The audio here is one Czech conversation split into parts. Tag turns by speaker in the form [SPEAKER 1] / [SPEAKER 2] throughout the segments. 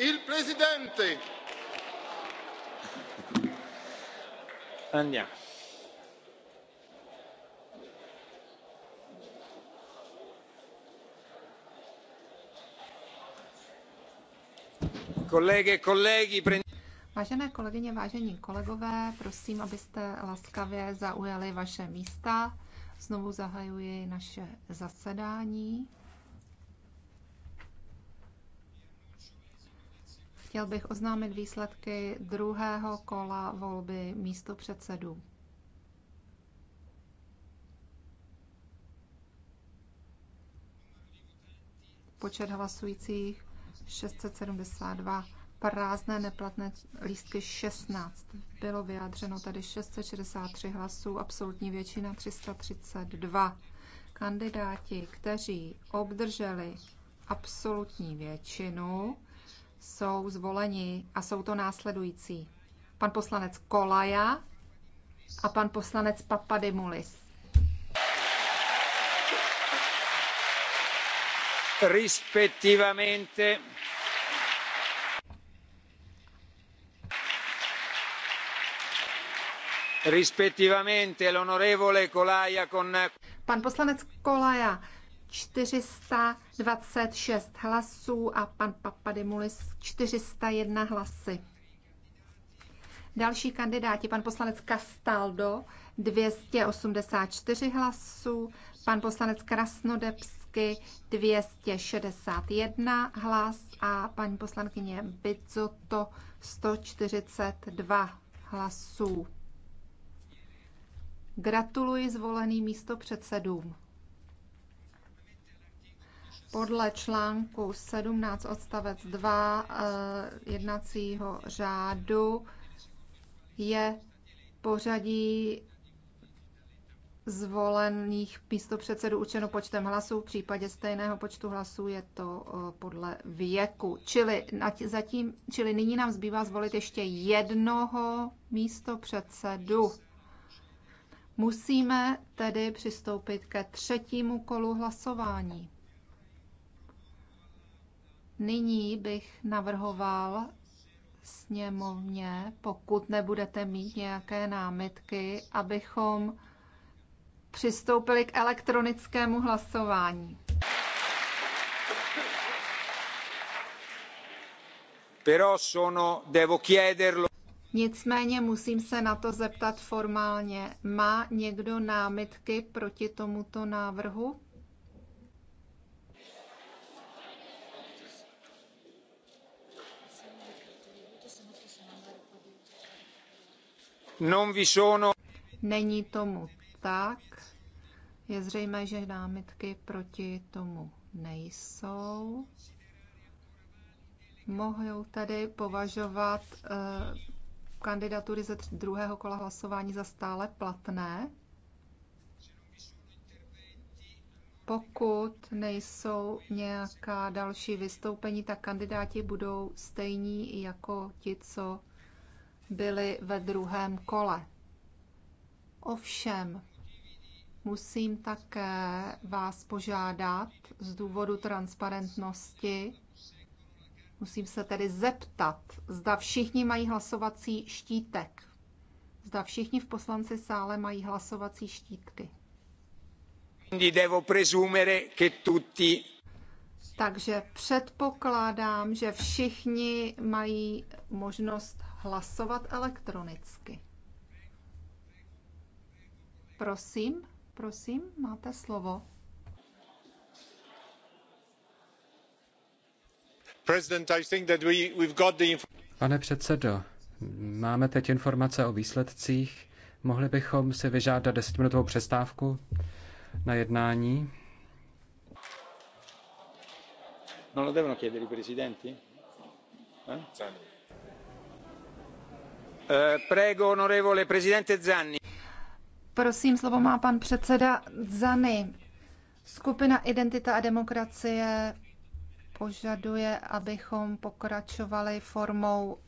[SPEAKER 1] il presidente. E
[SPEAKER 2] Vážené kolegyně, vážení kolegové, prosím, abyste laskavě zaujali vaše místa. Znovu zahajuji naše zasedání. Chtěl bych oznámit výsledky druhého kola volby místo předsedů. Počet hlasujících 672, prázdné neplatné lístky 16. Bylo vyjádřeno tady 663 hlasů, absolutní většina 332. Kandidáti, kteří obdrželi absolutní většinu, jsou zvoleni a jsou to následující. Pan poslanec Kolaja a pan poslanec Papadimulis.
[SPEAKER 1] Respektivamente respektivamente l'onorevole Kolaja con
[SPEAKER 2] Pan poslanec Kolaja 426 hlasů a pan Papadimulis 401 hlasy. Další kandidáti, pan poslanec Castaldo 284 hlasů, pan poslanec Krasnodebsky 261 hlas a paní poslankyně Bicoto, 142 hlasů. Gratuluji zvoleným místo předsedům podle článku 17 odstavec 2 eh, jednacího řádu je pořadí zvolených místopředsedů učeno počtem hlasů. V případě stejného počtu hlasů je to eh, podle věku. Čili, zatím, čili nyní nám zbývá zvolit ještě jednoho místopředsedu. Musíme tedy přistoupit ke třetímu kolu hlasování. Nyní bych navrhoval sněmovně, pokud nebudete mít nějaké námitky, abychom přistoupili k elektronickému hlasování.
[SPEAKER 1] Però sono, devo chiederlo.
[SPEAKER 2] Nicméně musím se na to zeptat formálně. Má někdo námitky proti tomuto návrhu? Není tomu tak. Je zřejmé, že námitky proti tomu nejsou. Mohou tedy považovat uh, kandidatury ze druhého kola hlasování za stále platné. Pokud nejsou nějaká další vystoupení, tak kandidáti budou stejní jako ti, co byli ve druhém kole. Ovšem, musím také vás požádat z důvodu transparentnosti, musím se tedy zeptat, zda všichni mají hlasovací štítek. Zda všichni v poslanci sále mají hlasovací štítky. Takže předpokládám, že všichni mají možnost hlasovat elektronicky. Prosím, prosím, máte slovo.
[SPEAKER 1] Pane předsedo, máme teď informace o výsledcích. Mohli bychom si vyžádat desetiminutovou přestávku na jednání. Non lo devono chiedere i presidenti? Eh? Eh,
[SPEAKER 2] Prosím, slovo má pan předseda Zany. Skupina Identita a demokracie požaduje, abychom pokračovali formou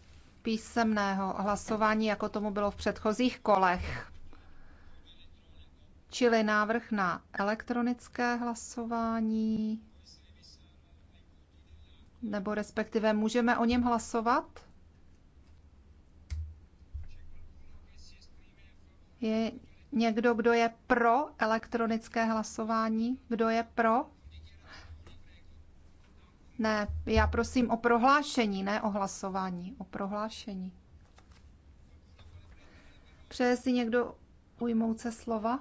[SPEAKER 2] písemného hlasování, jako tomu bylo v předchozích kolech. Čili návrh na elektronické hlasování, nebo respektive můžeme o něm hlasovat? Je někdo, kdo je pro elektronické hlasování? Kdo je pro? Ne, já prosím o prohlášení, ne o hlasování, o prohlášení. Přeje si někdo ujmout se slova?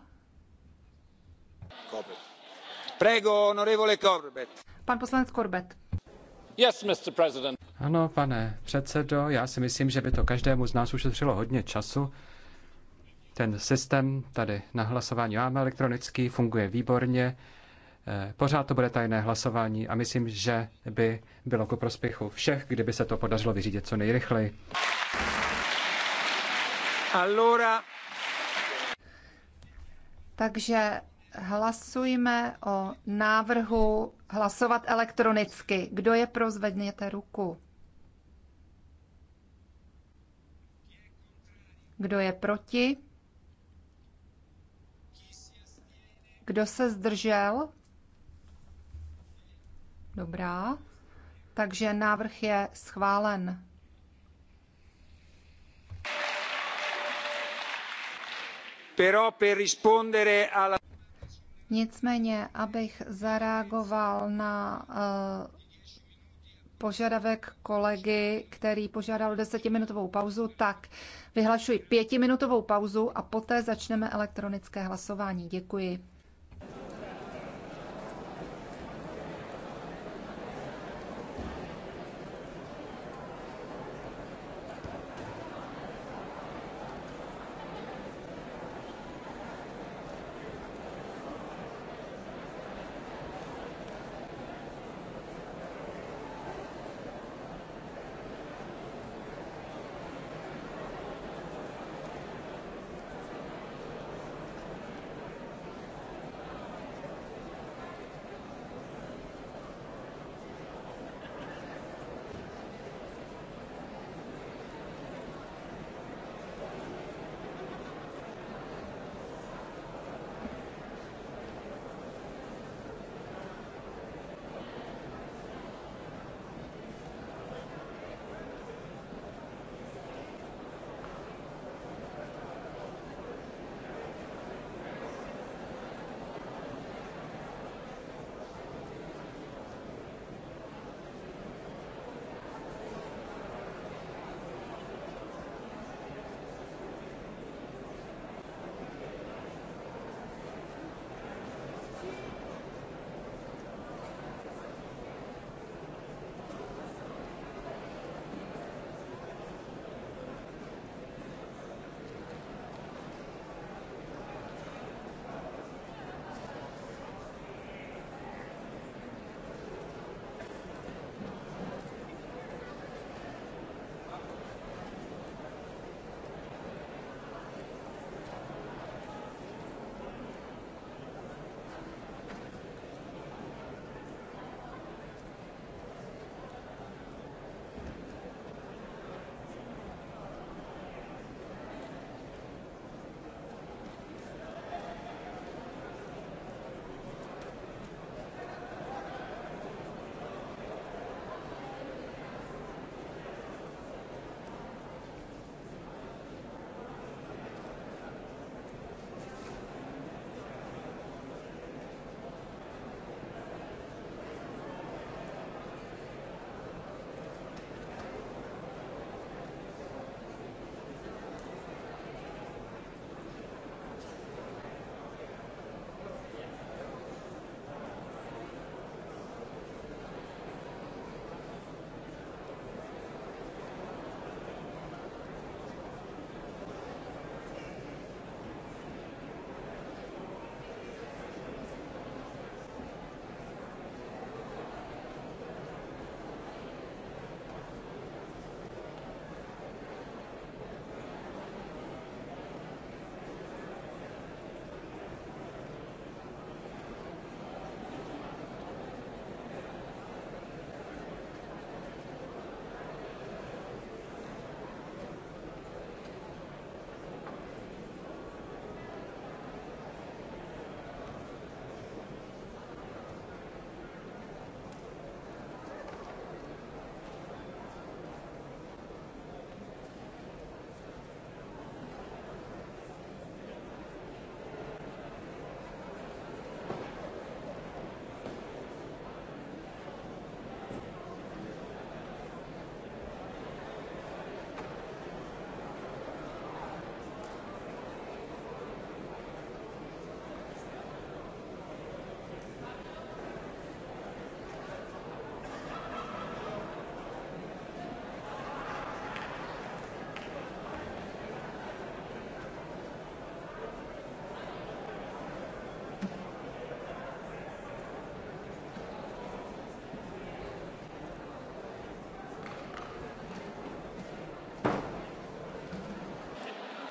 [SPEAKER 1] Corbett. Prego,
[SPEAKER 2] honorevole Corbett. Pan poslanec Corbett. Yes, Mr. President.
[SPEAKER 1] Ano, pane předsedo, já si myslím, že by to každému z nás ušetřilo hodně času, ten systém tady na hlasování máme elektronický, funguje výborně. Eh, pořád to bude tajné hlasování a myslím, že by bylo ku prospěchu všech, kdyby se to podařilo vyřídit co nejrychleji.
[SPEAKER 2] Allora. Takže hlasujme o návrhu hlasovat elektronicky. Kdo je pro, zvedněte ruku. Kdo je proti? Kdo se zdržel? Dobrá. Takže návrh je schválen.
[SPEAKER 1] Però per rispondere alla...
[SPEAKER 2] Nicméně, abych zareagoval na uh, požadavek kolegy, který požádal desetiminutovou pauzu, tak vyhlašuji pětiminutovou pauzu a poté začneme elektronické hlasování. Děkuji.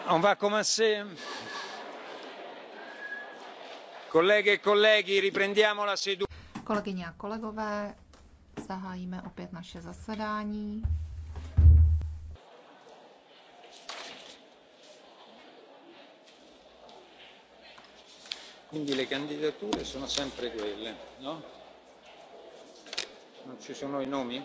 [SPEAKER 1] on va commencer. Kolege, kolegi, e riprendiamo la seduta.
[SPEAKER 2] Kolegyně a kolegové, zahájíme opět naše zasedání.
[SPEAKER 1] Quindi le candidature sono sempre quelle, no? Non ci sono i nomi?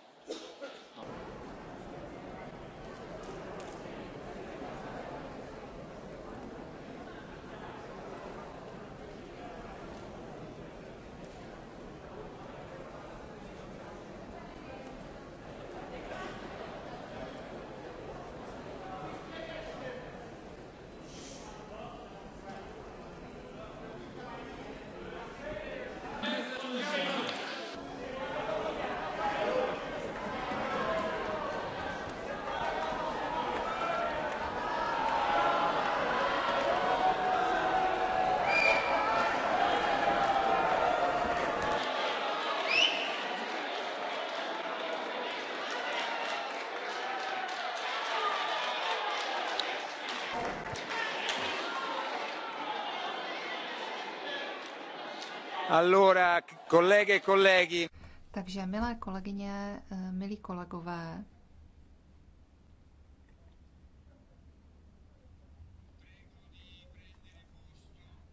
[SPEAKER 1] Allora, kolege, e colleghi.
[SPEAKER 2] Takže milé kolegyně, eh, milí kolegové,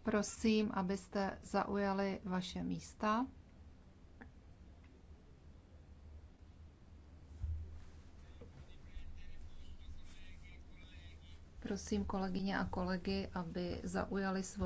[SPEAKER 2] prosím, abyste zaujali vaše místa. Prosím kolegyně a kolegy, aby zaujali svoje